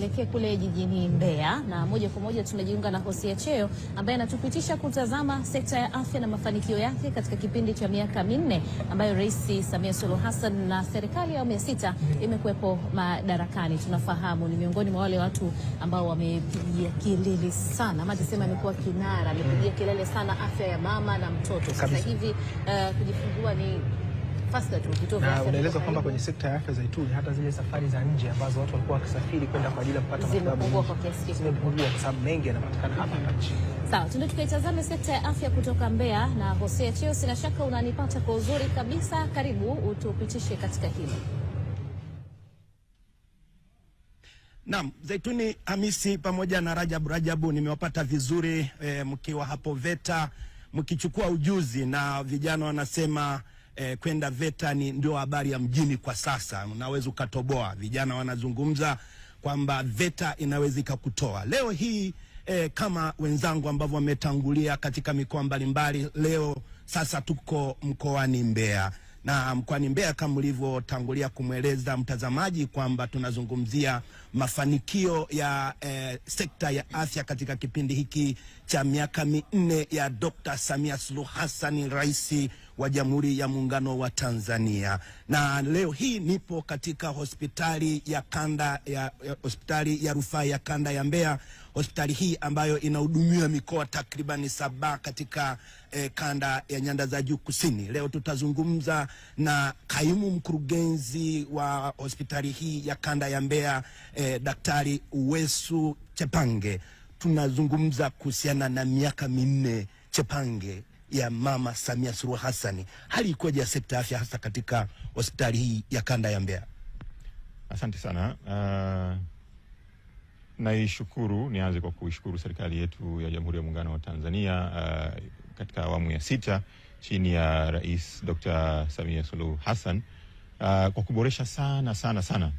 tuelekee kule jijini Mbeya na moja kwa moja tunajiunga na Hosia Cheo ambaye anatupitisha kutazama sekta ya afya na mafanikio yake katika kipindi cha miaka minne ambayo Rais Samia Suluhu Hassan na serikali ya awamu ya sita imekuwepo madarakani. Tunafahamu ni miongoni mwa wale watu ambao wamepigia kelele sana, ama tuseme amekuwa kinara, amepigia kilele sana afya ya mama na mtoto. Sasa hivi uh, kujifungua ni nafasi unaeleza kwamba kwenye sekta ya afya Zaituni, hata zile safari za nje ambazo watu walikuwa wakisafiri kwenda kwa ajili ya kupata matibabu zimepungua kwa sababu mengi yanapatikana hapa nchini. Sawa, tuende tukaitazame sekta ya afya kutoka Mbeya na Hosea Cheo. Sina shaka unanipata kwa uzuri kabisa, karibu utupitishe katika hilo. Naam, Zaituni Hamisi pamoja na Rajabu. Rajabu, nimewapata vizuri e, mkiwa hapo VETA mkichukua ujuzi na vijana wanasema eh, kwenda VETA ni ndio habari ya mjini kwa sasa. Unaweza ukatoboa, vijana wanazungumza kwamba VETA inaweza ikakutoa leo hii eh, kama wenzangu ambavyo wametangulia katika mikoa mbalimbali. Leo sasa tuko mkoani Mbeya na mkoani Mbeya kama ulivyotangulia kumweleza mtazamaji kwamba tunazungumzia mafanikio ya eh, sekta ya afya katika kipindi hiki cha miaka minne ya Dr. Samia Suluhu Hassan, rais wa Jamhuri ya Muungano wa Tanzania, na leo hii nipo katika hospitali ya kanda ya, ya hospitali ya rufaa ya kanda ya Mbeya, hospitali hii ambayo inahudumia mikoa takribani saba katika eh, kanda ya nyanda za juu kusini. Leo tutazungumza na kaimu mkurugenzi wa hospitali hii ya kanda ya Mbeya eh, Daktari Uwesu Chepange. Tunazungumza kuhusiana na miaka minne Chepange ya Mama Samia Suluhu Hassan, hali ikoje ya sekta afya hasa katika hospitali hii ya kanda ya Mbeya? Asante sana. Uh, naishukuru, nianze kwa kuishukuru serikali yetu ya Jamhuri ya Muungano wa Tanzania uh, katika awamu ya sita chini ya Rais Dr. Samia Suluhu Hassan uh, kwa kuboresha sana sana sana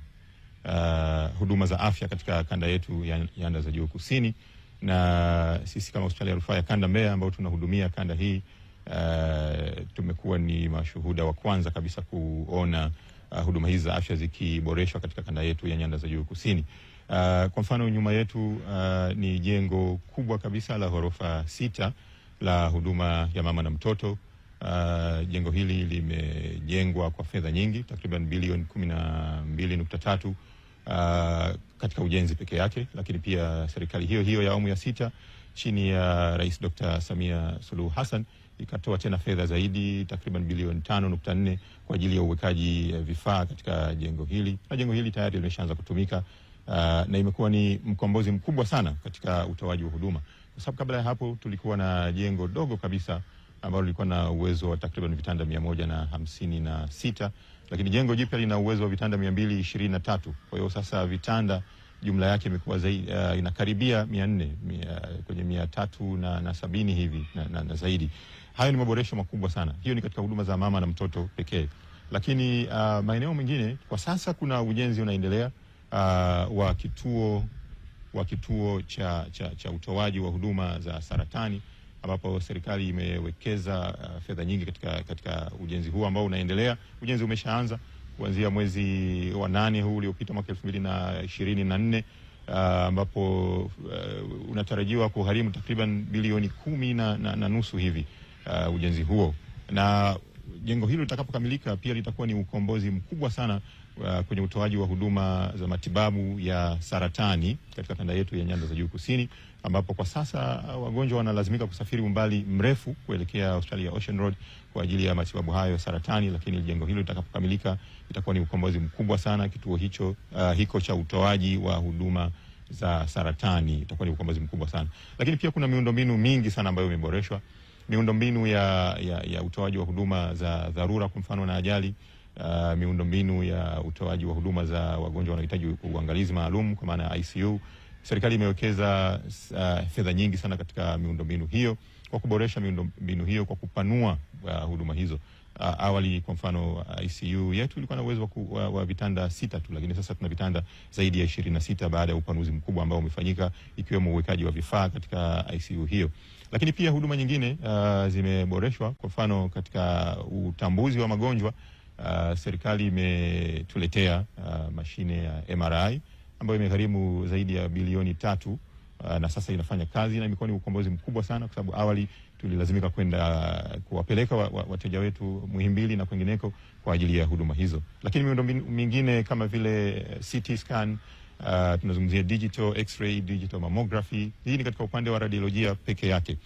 uh, huduma za afya katika kanda yetu ya nyanda za juu kusini na sisi kama hospitali ya rufaa ya kanda Mbeya ambao tunahudumia kanda hii uh, tumekuwa ni mashuhuda wa kwanza kabisa kuona uh, huduma hizi za afya zikiboreshwa katika kanda yetu ya nyanda za juu kusini. Uh, kwa mfano nyuma yetu uh, ni jengo kubwa kabisa la ghorofa sita la huduma ya mama na mtoto. Uh, jengo hili limejengwa kwa fedha nyingi takriban bilioni kumi na mbili nukta tatu uh, katika ujenzi peke yake, lakini pia serikali hiyo hiyo ya awamu ya sita chini ya Rais Dr. Samia Suluhu Hassan ikatoa tena fedha zaidi takriban bilioni tano nukta nne kwa ajili ya uwekaji vifaa katika jengo hili, na jengo hili tayari limeshaanza kutumika uh, na imekuwa ni mkombozi mkubwa sana katika utoaji wa huduma, kwa sababu kabla ya hapo tulikuwa na jengo dogo kabisa ambalo lilikuwa na uwezo wa takriban vitanda mia moja na hamsini na sita lakini jengo jipya lina uwezo wa vitanda mia mbili ishirini na tatu Kwa hiyo sasa vitanda jumla yake imekuwa zaidi uh, inakaribia mia nne kwenye mia tatu na, na sabini hivi na, na, na zaidi. Hayo ni maboresho makubwa sana. Hiyo ni katika huduma za mama na mtoto pekee, lakini uh, maeneo mengine kwa sasa kuna ujenzi unaendelea uh, wa kituo wa kituo cha, cha, cha utoaji wa huduma za saratani ambapo serikali imewekeza uh, fedha nyingi katika, katika ujenzi huu ambao unaendelea. Ujenzi umeshaanza kuanzia mwezi wa nane huu uliopita mwaka elfu mbili na ishirini na nne uh, ambapo uh, unatarajiwa kugharimu takriban bilioni kumi na, na, na nusu hivi uh, ujenzi huo na jengo hilo litakapokamilika pia litakuwa ni ukombozi mkubwa sana uh, kwenye utoaji wa huduma za matibabu ya saratani katika kanda yetu ya Nyanda za Juu Kusini, ambapo kwa sasa uh, wagonjwa wanalazimika kusafiri umbali mrefu kuelekea hospitali ya Ocean Road kwa ajili ya matibabu hayo ya saratani, lakini jengo hilo litakapokamilika itakuwa ni ukombozi mkubwa sana. Kituo hicho uh, hiko cha utoaji wa huduma za saratani itakuwa ni ukombozi mkubwa sana, lakini pia kuna miundombinu mingi sana ambayo imeboreshwa miundombinu ya, ya, ya utoaji wa huduma za dharura kwa mfano na ajali uh, miundombinu ya utoaji wa huduma za wagonjwa wanaohitaji uangalizi maalum kwa maana ya ICU. Serikali imewekeza uh, fedha nyingi sana katika miundombinu hiyo kwa kuboresha miundombinu hiyo kwa kupanua uh, huduma hizo. Uh, awali kwa mfano uh, ICU yetu ilikuwa na uwezo wa, wa vitanda sita tu, lakini sasa tuna vitanda zaidi ya ishirini na sita baada ya upanuzi mkubwa ambao umefanyika ikiwemo uwekaji wa vifaa katika ICU hiyo. Lakini pia huduma nyingine uh, zimeboreshwa, kwa mfano katika utambuzi wa magonjwa Uh, serikali imetuletea uh, mashine ya MRI ambayo imegharimu zaidi ya bilioni tatu uh, na sasa inafanya kazi na imekuwa ni ukombozi mkubwa sana, kwa sababu awali tulilazimika kwenda kuwapeleka wateja wa, wa wetu Muhimbili na kwingineko kwa ajili ya huduma hizo, lakini miundo mingine kama vile uh, CT scan uh, tunazungumzia digital x-ray, digital mammography. Hii ni katika upande wa radiolojia peke yake.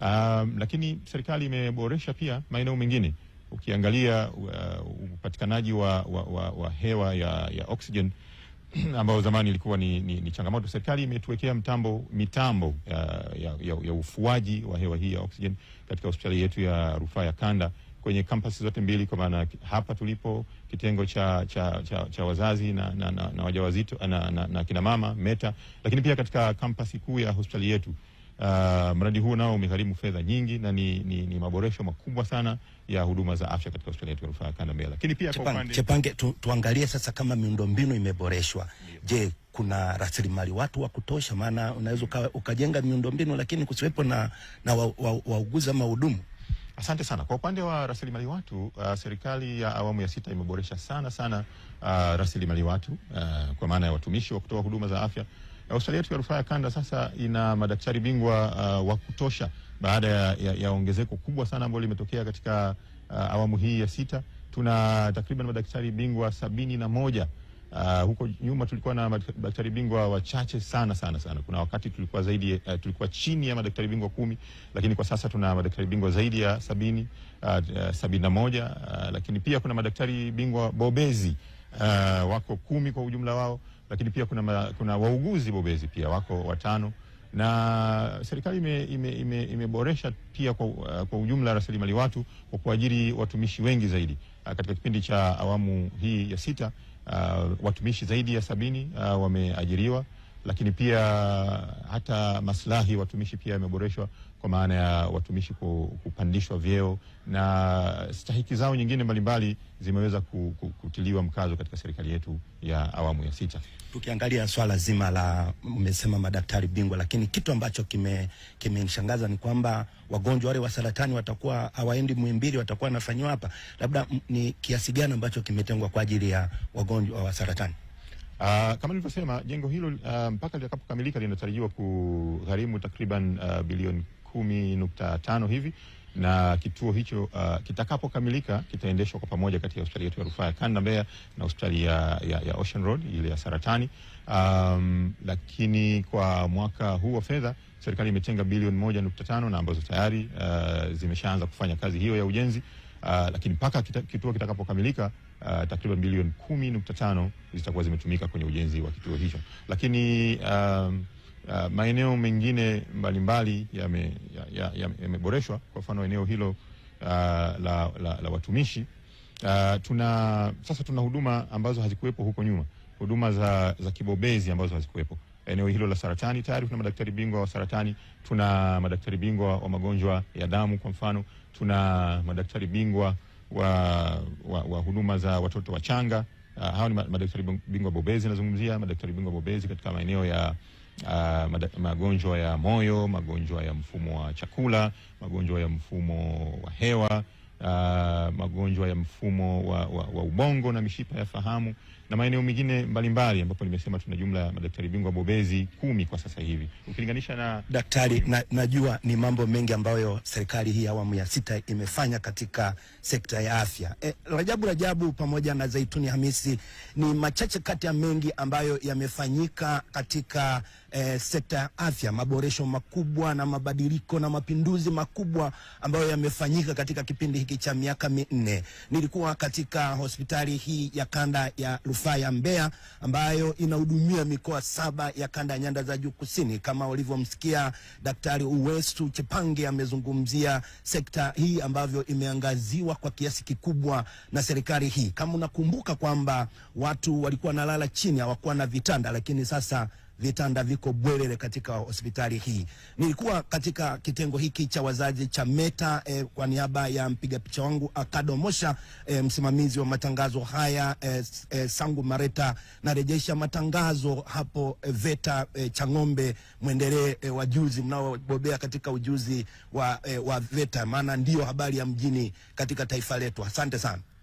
Um, lakini serikali imeboresha pia maeneo mengine ukiangalia uh, upatikanaji wa, wa, wa, wa hewa ya, ya oxygen ambayo zamani ilikuwa ni, ni, ni changamoto. Serikali imetuwekea mtambo mitambo ya, uh, ya, ya, ya ufuaji wa hewa hii ya oxygen katika hospitali yetu ya rufaa ya Kanda kwenye kampasi zote mbili, kwa maana hapa tulipo kitengo cha, cha, cha, cha wazazi na, na, na, na wajawazito na, na, na kinamama Meta, lakini pia katika kampasi kuu ya hospitali yetu Uh, mradi huu nao umegharimu fedha nyingi na ni, ni, ni maboresho makubwa sana ya huduma za afya katika hospitali yetu ya rufaa kanda Mbeya. Lakini pia Chepange, kwa upande Chepange tu, tuangalie sasa kama miundombinu imeboreshwa. Je, kuna rasilimali watu wa kutosha? Maana unaweza ukajenga miundombinu lakini kusiwepo na, na wauguzi wa, wa ama Asante sana. Kwa upande wa rasilimali watu uh, serikali ya awamu ya sita imeboresha sana sana uh, rasilimali watu uh, kwa maana ya watumishi wa kutoa huduma za afya Hospitali yetu ya rufaa ya kanda sasa ina madaktari bingwa uh, wa kutosha baada ya, ya, ya ongezeko kubwa sana ambalo limetokea katika uh, awamu hii ya sita. Tuna takriban madaktari bingwa sabini na moja. Uh, huko nyuma tulikuwa na madaktari bingwa wachache sana sana sana. Kuna wakati tulikuwa zaidi uh, tulikuwa chini ya madaktari bingwa kumi, lakini kwa sasa tuna madaktari bingwa zaidi ya sabini uh, uh, sabini na moja uh, lakini pia kuna madaktari bingwa bobezi uh, wako kumi kwa ujumla wao lakini pia kuna, ma, kuna wauguzi bobezi pia wako watano na serikali imeboresha ime, ime, ime pia kwa, kwa ujumla rasilimali watu kwa kuajiri watumishi wengi zaidi ah, katika kipindi cha awamu hii ya sita. Uh, watumishi zaidi ya sabini uh, wameajiriwa, lakini pia hata maslahi watumishi pia yameboreshwa kwa maana ya watumishi kupandishwa vyeo na stahiki zao nyingine mbalimbali zimeweza kutiliwa mkazo katika serikali yetu ya awamu ya sita. Tukiangalia swala zima la umesema madaktari bingwa, lakini kitu ambacho kimenishangaza kime ni kwamba wagonjwa wale wa saratani watakuwa hawaendi Muhimbili, watakuwa wanafanyiwa hapa. Labda ni kiasi gani ambacho kimetengwa kwa ajili ya wagonjwa wa saratani? Uh, kama nilivyosema jengo hilo uh, mpaka litakapokamilika linatarajiwa kugharimu takriban uh, bilioni kumi nukta tano hivi na kituo hicho uh, kitakapokamilika kitaendeshwa kwa pamoja kati ya hospitali yetu ya rufaa ya Kanda Mbeya na hospitali ya, ya, ya Ocean Road ile ya saratani. Um, lakini kwa mwaka huu wa fedha serikali imetenga bilioni moja nukta tano na ambazo tayari uh, zimeshaanza kufanya kazi hiyo ya ujenzi uh, lakini mpaka kita, kituo kitakapokamilika uh, takriban bilioni kumi nukta tano zitakuwa zimetumika kwenye ujenzi wa kituo hicho, lakini um, Uh, maeneo mengine mbalimbali yameboreshwa ya, ya, ya ya kwa mfano eneo hilo uh, la, la, la watumishi uh, tuna sasa tuna huduma ambazo hazikuwepo huko nyuma, huduma za, za kibobezi ambazo hazikuwepo eneo hilo la saratani. Tayari tuna madaktari bingwa wa saratani, tuna madaktari bingwa wa magonjwa ya damu kwa mfano, tuna madaktari bingwa wa, wa, wa huduma za watoto wachanga. Uh, hawa ni madaktari bingwa bobezi, nazungumzia madaktari bingwa bobezi katika maeneo ya uh, magonjwa ya moyo, magonjwa ya mfumo wa chakula, magonjwa ya mfumo wa hewa Uh, magonjwa ya mfumo wa, wa, wa ubongo na mishipa ya fahamu na maeneo mengine mbalimbali, ambapo nimesema tuna jumla ya madaktari bingwa bobezi kumi kwa sasa hivi ukilinganisha na daktari na, najua ni mambo mengi ambayo serikali hii awamu ya sita imefanya katika sekta ya afya. E, Rajabu Rajabu pamoja na Zaituni Hamisi, ni machache kati ya mengi ambayo yamefanyika katika eh, sekta ya afya, maboresho makubwa na mabadiliko na mapinduzi makubwa ambayo yamefanyika katika kipindi hiki cha miaka minne. Nilikuwa katika hospitali hii ya kanda ya rufaa ya Mbeya ambayo inahudumia mikoa saba ya kanda ya nyanda za juu kusini. Kama ulivyomsikia Daktari Uwesu Chepange amezungumzia sekta hii ambavyo imeangaziwa kwa kiasi kikubwa na serikali hii. Kama unakumbuka kwamba watu walikuwa nalala chini, hawakuwa na vitanda, lakini sasa vitanda viko bwerere katika hospitali hii. Nilikuwa katika kitengo hiki cha wazazi cha Meta eh, kwa niaba ya mpiga picha wangu Akado Mosha eh, msimamizi wa matangazo haya eh, eh, Sangu Mareta, narejesha matangazo hapo eh, Veta eh, Chang'ombe, mwendelee eh, wajuzi mnaobobea katika ujuzi wa, eh, wa Veta, maana ndiyo habari ya mjini katika taifa letu. Asante sana.